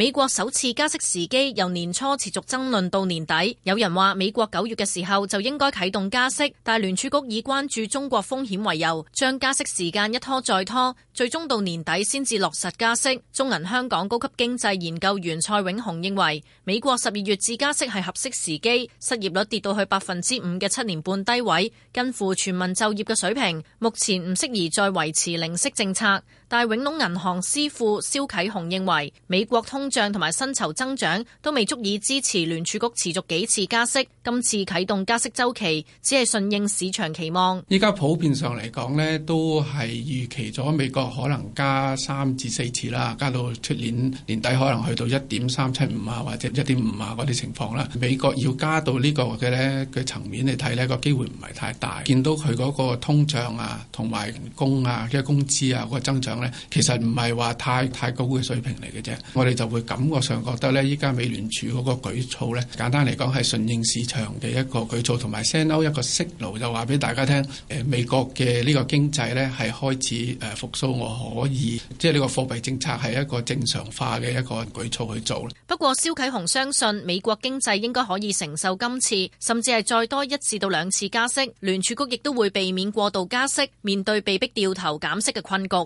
美國首次加息時機，由年初持續爭論到年底，有人話，美國九月嘅時候就應該啟動加息，但聯儲局以關注中國風險為由，將加息時間一拖再拖，最終到年底先至落實加息。中銀香港高級經濟研究員蔡永雄認為，美國十二月至加息係合適時機，失業率跌到去百分之五嘅七年半低位，近乎全民就業嘅水平，目前唔適宜再維持零息政策。但永隆銀行師傅蕭啟雄認為，美國通脹同埋薪酬增長都未足以支持聯儲局持續幾次加息，今次啟動加息週期只係順應市場期望。依家普遍上嚟講呢都係預期咗美國可能加三至四次啦，加到出年年底可能去到一點三七五啊，或者一點五啊嗰啲情況啦。美國要加到呢個嘅呢嘅層面嚟睇，呢個機會唔係太大。見到佢嗰個通脹啊，同埋工啊，即係工資啊嗰個增長。其實唔係話太太高嘅水平嚟嘅啫，我哋就會感覺上覺得呢，依家美聯儲嗰個舉措呢，簡單嚟講係順應市場嘅一個舉措，同埋 send out 一個 signal，就話俾大家聽，誒、呃，美國嘅呢個經濟呢係開始誒復甦，呃、我可以，即係呢個貨幣政策係一個正常化嘅一個舉措去做。不過蕭啟宏相信美國經濟應該可以承受今次，甚至係再多一次到兩次加息，聯儲局亦都會避免過度加息，面對被迫掉頭減息嘅困局。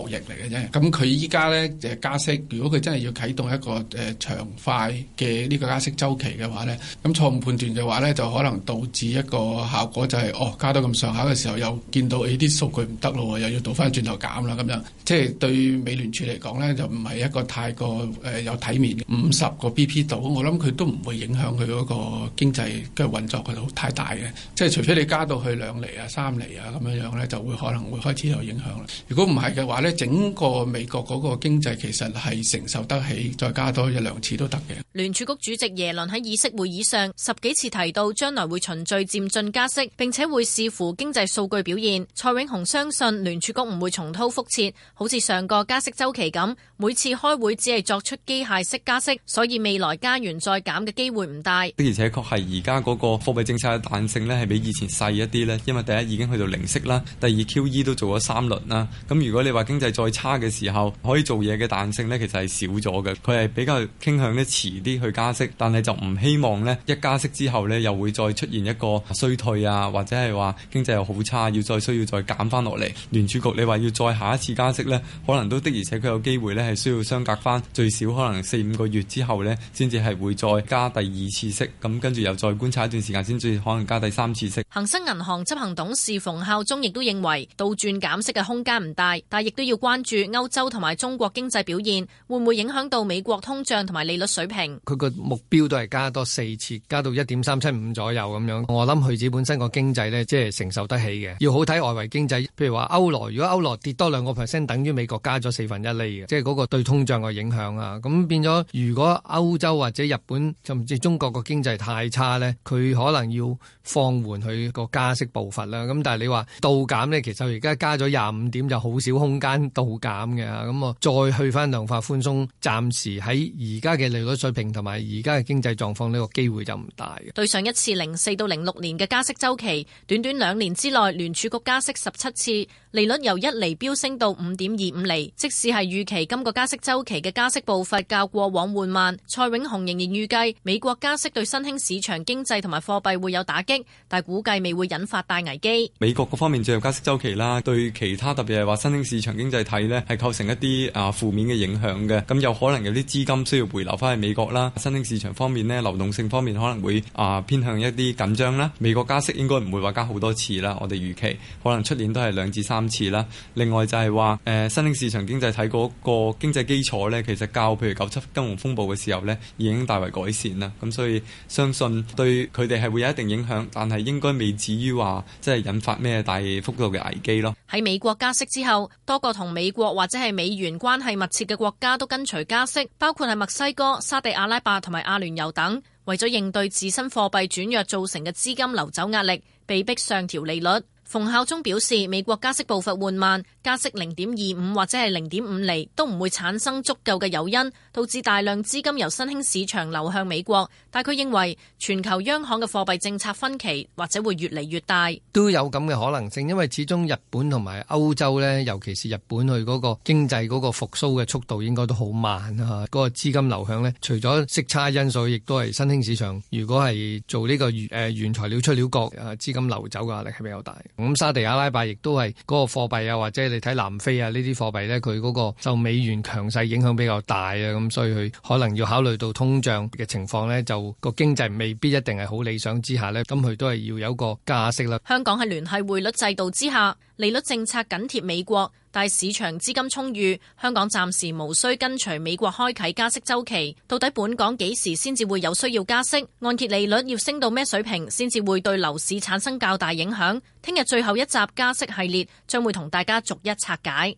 博弈嚟嘅啫，咁佢依家咧就係加息。如果佢真係要啟動一個誒、呃、長快嘅呢個加息周期嘅話咧，咁錯誤判斷嘅話咧，就可能導致一個效果就係、是、哦加到咁上下嘅時候，又見到呢啲數據唔得咯，又要倒翻轉頭減啦咁樣。即係對於美聯儲嚟講咧，就唔係一個太過、呃、有體面，五十個 B P 度，我諗佢都唔會影響佢嗰個經濟嘅運作度太大嘅。即係除非你加到去兩厘啊三厘啊咁樣樣咧，就會可能會開始有影響啦。如果唔係嘅話呢整個美國嗰個經濟其實係承受得起再加多一兩次都得嘅。聯儲局主席耶倫喺議息會議上十幾次提到將來會循序漸進加息，並且會視乎經濟數據表現。蔡永雄相信聯儲局唔會重蹈覆轍，好似上個加息周期咁，每次開會只係作出機械式加息，所以未來加完再減嘅機會唔大。的而且確係而家嗰個貨幣政策嘅彈性呢，係比以前細一啲呢，因為第一已經去到零息啦，第二 QE 都做咗三輪啦。咁如果你話經經濟再差嘅時候，可以做嘢嘅彈性呢，其實係少咗嘅。佢係比較傾向呢，遲啲去加息，但係就唔希望呢，一加息之後呢，又會再出現一個衰退啊，或者係話經濟又好差，要再需要再減翻落嚟。聯儲局你話要再下一次加息呢，可能都的而且確有機會呢，係需要相隔翻最少可能四五個月之後呢，先至係會再加第二次息。咁跟住又再觀察一段時間，先至可能加第三次息。恒生銀行執行董事馮孝忠亦都認為倒轉減息嘅空間唔大，但亦都要關注歐洲同埋中國經濟表現，會唔會影響到美國通脹同埋利率水平？佢個目標都係加多四次，加到一點三七五左右咁樣。我諗佢自己本身個經濟呢，即係承受得起嘅。要好睇外圍經濟，譬如話歐羅，如果歐羅跌多兩個 percent，等於美國加咗四分一厘嘅，即係嗰個對通脹個影響啊。咁變咗，如果歐洲或者日本甚至中國個經濟太差呢，佢可能要放緩佢個加息步伐啦。咁但係你話倒減呢，其實而家加咗廿五點就好少空間。間度減嘅咁啊，再去翻量化寬鬆，暫時喺而家嘅利率水平同埋而家嘅經濟狀況呢個機會就唔大。對上一次零四到零六年嘅加息周期，短短兩年之內，聯儲局加息十七次。利率由一厘飆升到五點二五厘，即使係預期今個加息周期嘅加息步伐較過往緩慢，蔡永雄仍然預計美國加息對新興市場經濟同埋貨幣會有打擊，但估計未會引發大危機。美國各方面進入加息周期啦，對其他特別係話新興市場經濟體呢係構成一啲啊負面嘅影響嘅，咁有可能有啲資金需要回流翻去美國啦，新興市場方面呢，流動性方面可能會啊偏向一啲緊張啦。美國加息應該唔會話加好多次啦，我哋預期可能出年都係兩至三。啦，另外就係話誒，新興市場經濟體嗰個經濟基礎呢，其實較譬如九七金融風暴嘅時候呢，已經大為改善啦。咁所以相信對佢哋係會有一定影響，但係應該未至於話即係引發咩大幅度嘅危機咯。喺美國加息之後，多個同美國或者係美元關係密切嘅國家都跟隨加息，包括係墨西哥、沙地阿拉伯同埋阿聯酋等，為咗應對自身貨幣轉弱造成嘅資金流走壓力，被迫上調利率。馮孝忠表示，美國加息步伐緩慢，加息零點二五或者係零點五厘都唔會產生足夠嘅誘因。導致大量資金由新興市場流向美國，但佢認為全球央行嘅貨幣政策分歧或者會越嚟越大，都有咁嘅可能性。因為始終日本同埋歐洲咧，尤其是日本佢嗰個經濟嗰個復甦嘅速度應該都好慢啊。嗰個資金流向呢，除咗息差因素，亦都係新興市場。如果係做呢個原原材料出料國，資金流走嘅壓力係比較大。咁沙地阿拉伯亦都係嗰個貨幣啊，或者你睇南非啊呢啲貨幣呢，佢嗰個受美元強勢影響比較大啊咁。咁所以佢可能要考慮到通脹嘅情況咧，就個經濟未必一定係好理想之下咧，咁佢都係要有個加息啦。香港喺聯繫匯率制度之下，利率政策緊貼美國，但係市場資金充裕，香港暫時無需跟隨美國開啟加息週期。到底本港幾時先至會有需要加息？按揭利率要升到咩水平先至會對樓市產生較大影響？聽日最後一集加息系列將會同大家逐一拆解。